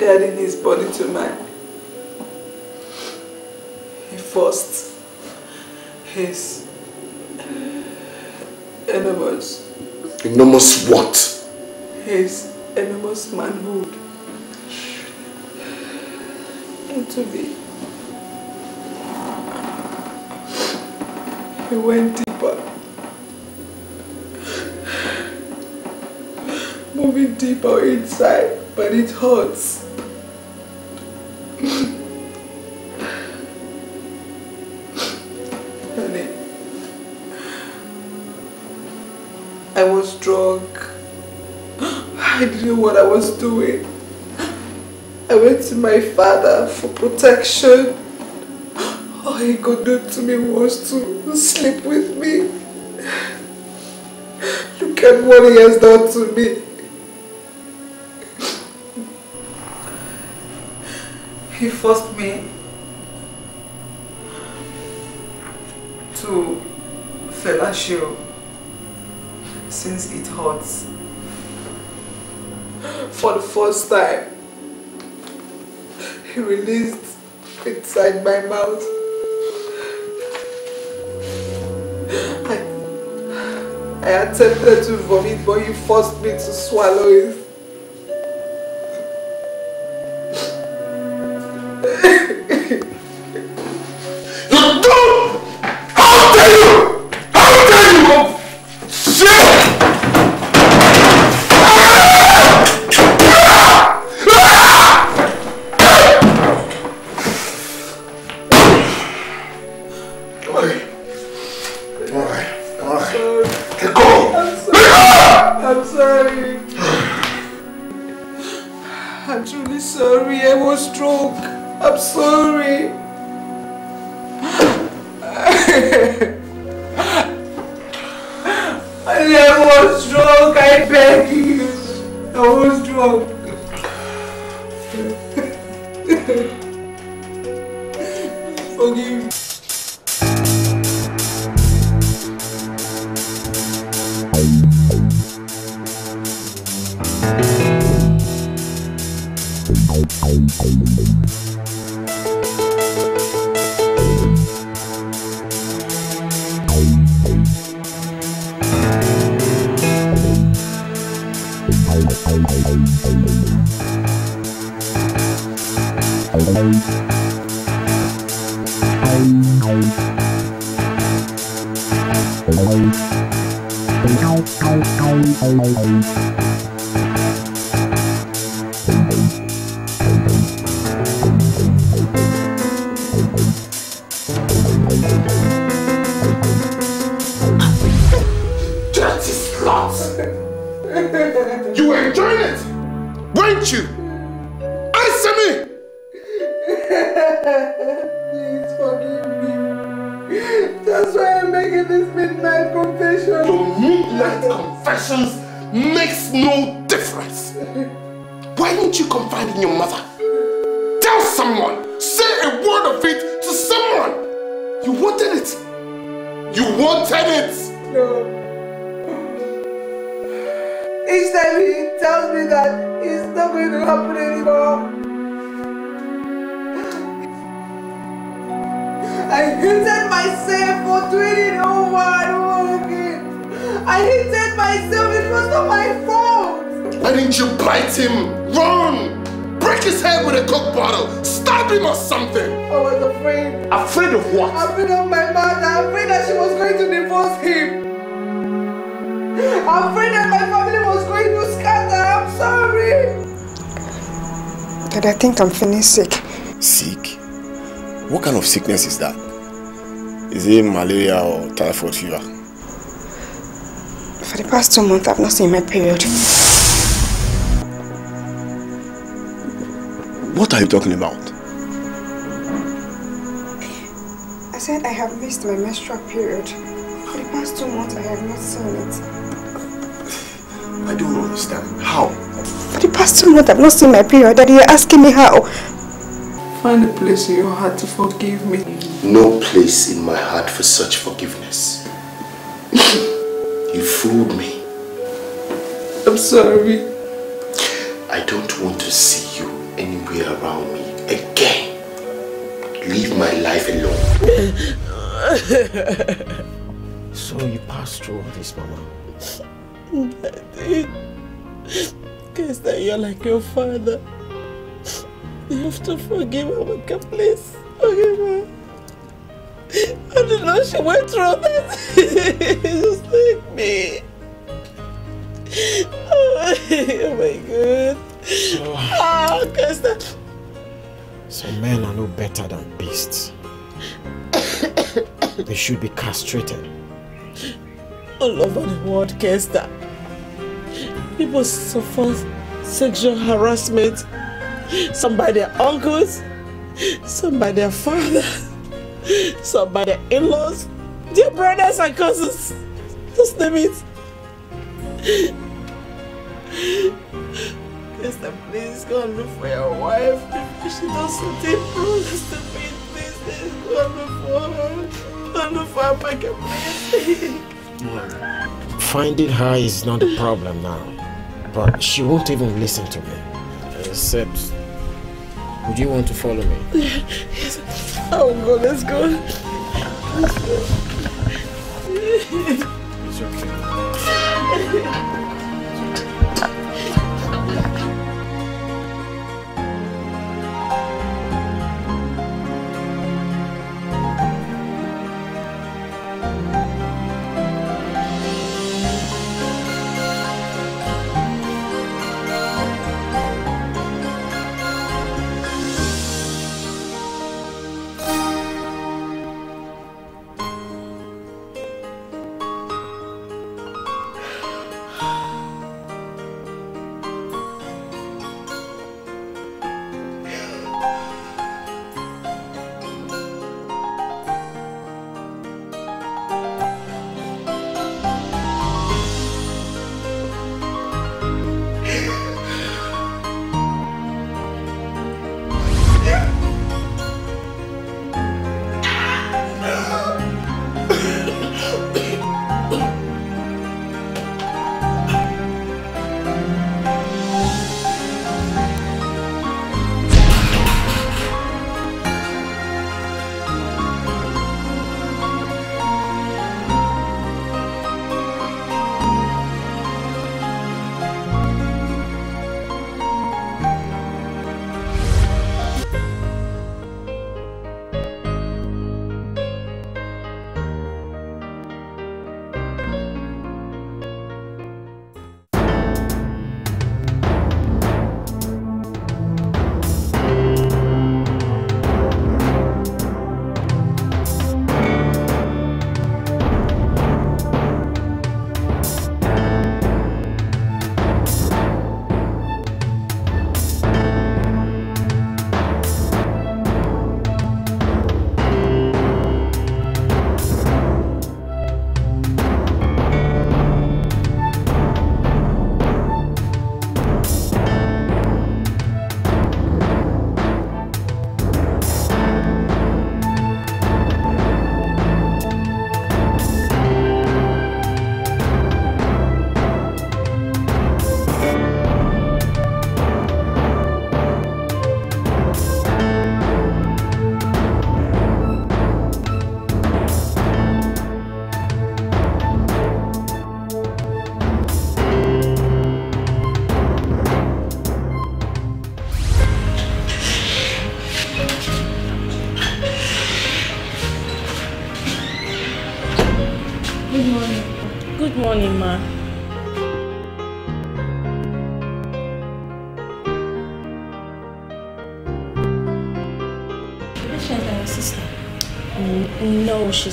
daddy his body to mine. He forced his enormous. Enormous what? His enormous manhood into me. He went deeper. Moving deeper inside, but it hurts. what I was doing. I went to my father for protection. All he could do to me was to sleep with me. Look at what he has done to me. He forced me to fellatio. first time, he released inside my mouth. I, I attempted to vomit, but he forced me to swallow it. You wanted it! No. Each time he tells me that it's not going to happen anymore. I hated myself for doing it over and over again. I hated myself. It was not my fault. Why didn't you bite him? Run! Break his head with a coke bottle, stab him or something. I was afraid. Afraid of what? Afraid of my mother. Afraid that she was going to divorce him. Afraid that my family was going to scatter. I'm sorry. Dad, I think I'm feeling sick. Sick? What kind of sickness is that? Is it malaria or typhoid fever? For the past two months, I've not seen my period. What are you talking about? I said I have missed my menstrual period. For the past two months, I have not seen it. I don't understand. How? For the past two months, I've not seen my period. Are you're asking me how? Find a place in your heart to forgive me. No place in my heart for such forgiveness. you fooled me. I'm sorry. I don't want to see you anywhere around me again. Leave my life alone. so you passed through all this, Mama? Daddy, guess that you're like your father. You have to forgive Amaka, please. Forgive her. I didn't know she went through this. Just like me. oh my god. So, ah, Kester. So men are no better than beasts. they should be castrated. All over the world, Kester. People suffer sexual harassment. Some by their uncles, some by their father, some by their in-laws, their brothers and cousins. Just name it. Mister, please go and look for your wife. If she doesn't take promise to please, please go and look for her. Go and look for her pocket, please. Finding her is not the problem now, but she won't even listen to me. Except, would you want to follow me? Yes. Oh, go. Let's go. Let's go. It's okay.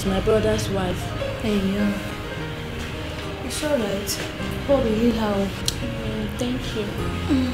my brother's wife. Hey, yeah. It's alright. God will heal Mm, uh, thank you.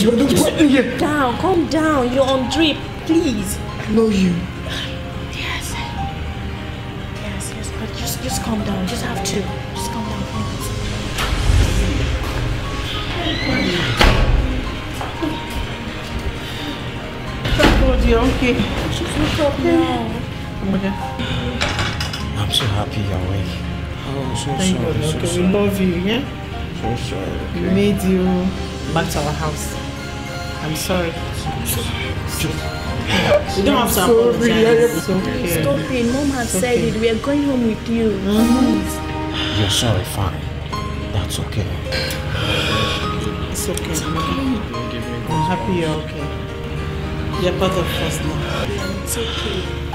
You're not just threatening him. Down, calm down. You're on drip, please. I know you. Yes. Yes, yes, but just, just calm down. Just have to. Just calm down, please. Thank God you're okay. She's not okay. now. I'm so happy you're awake. Oh, so Thank sorry. God, so okay. Sorry. We love you, yeah? So sorry. Okay. We made you back to our house. I'm sorry. You don't have to sorry, apologize. okay. Stop it. Mom has okay. said it. We are going home with you. Mm -hmm. You're sorry, fine. That's okay. It's okay. It's okay. I'm happy you're okay. You're part of us now. It's okay.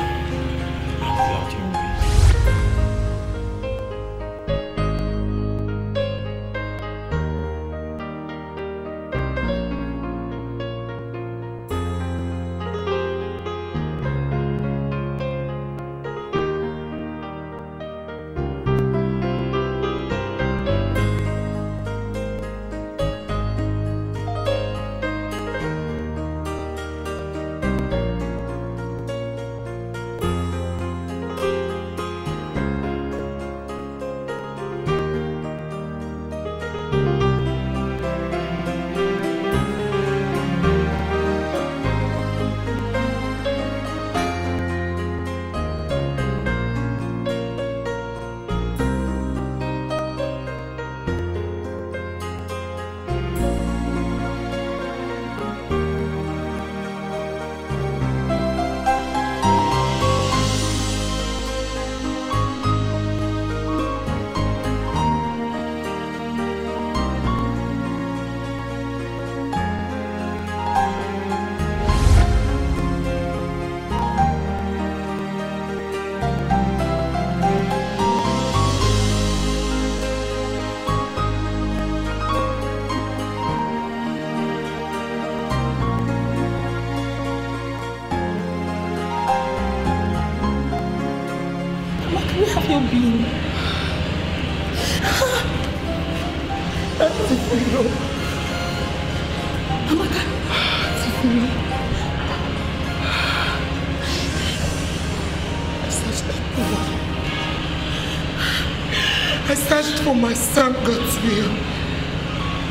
my son got to you.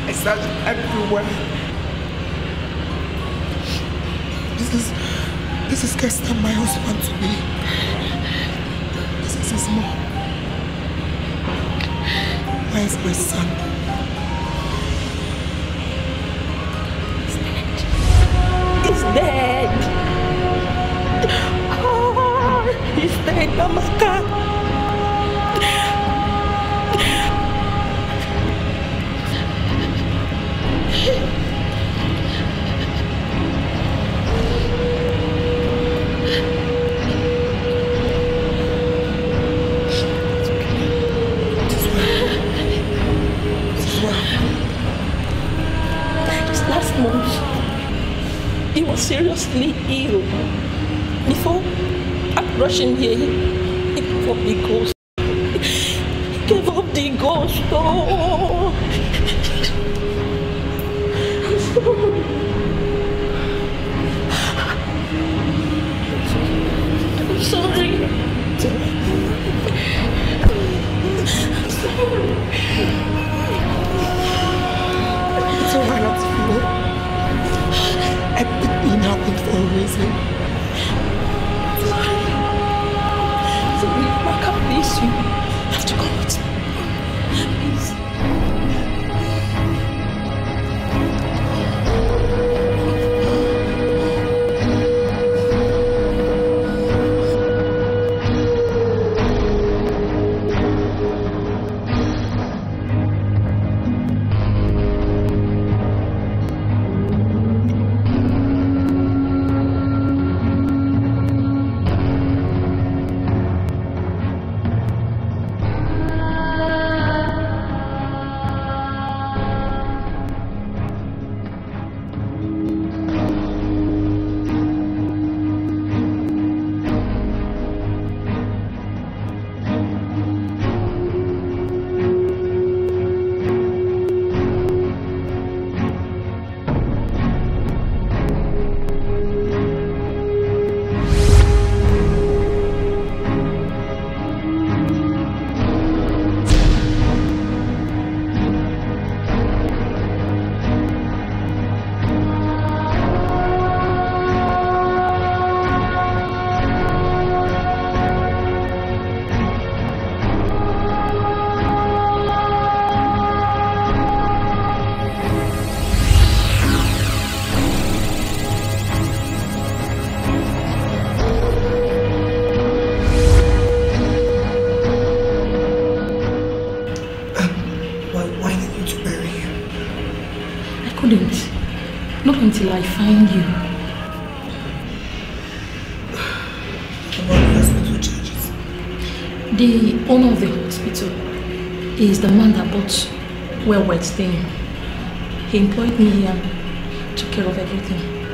I searched everywhere. This is, this is Kester, my husband to be. This is his mom. Where is my son? 身体。staying. He employed me here, took care of everything.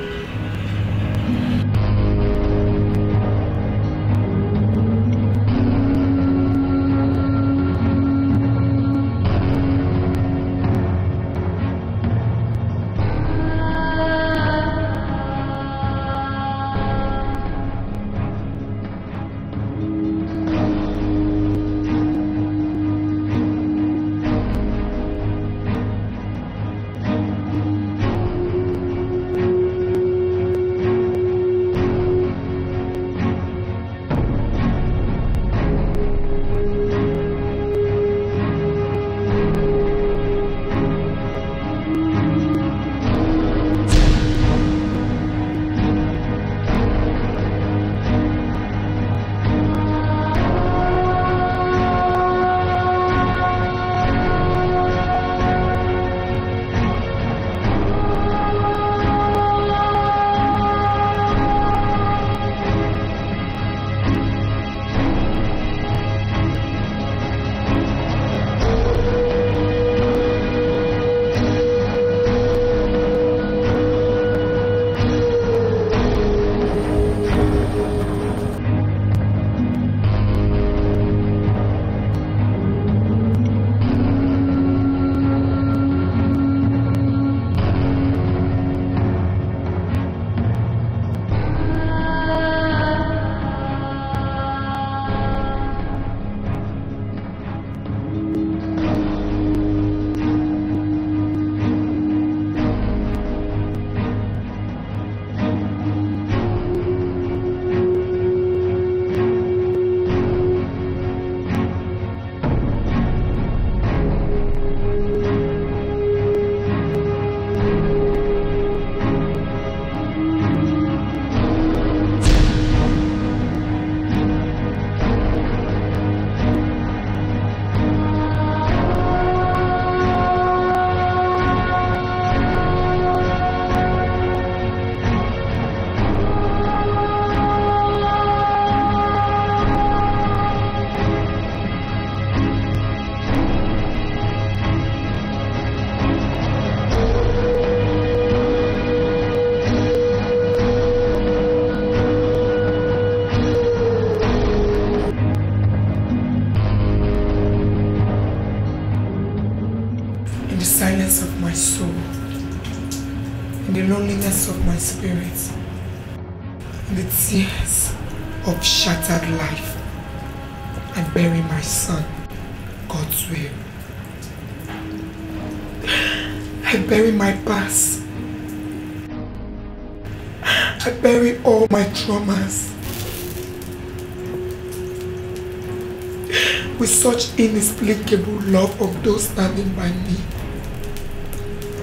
such inexplicable love of those standing by me.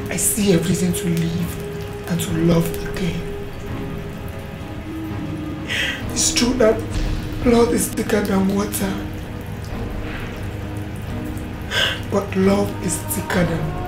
I see a reason to live and to love again. It's true that blood is thicker than water, but love is thicker than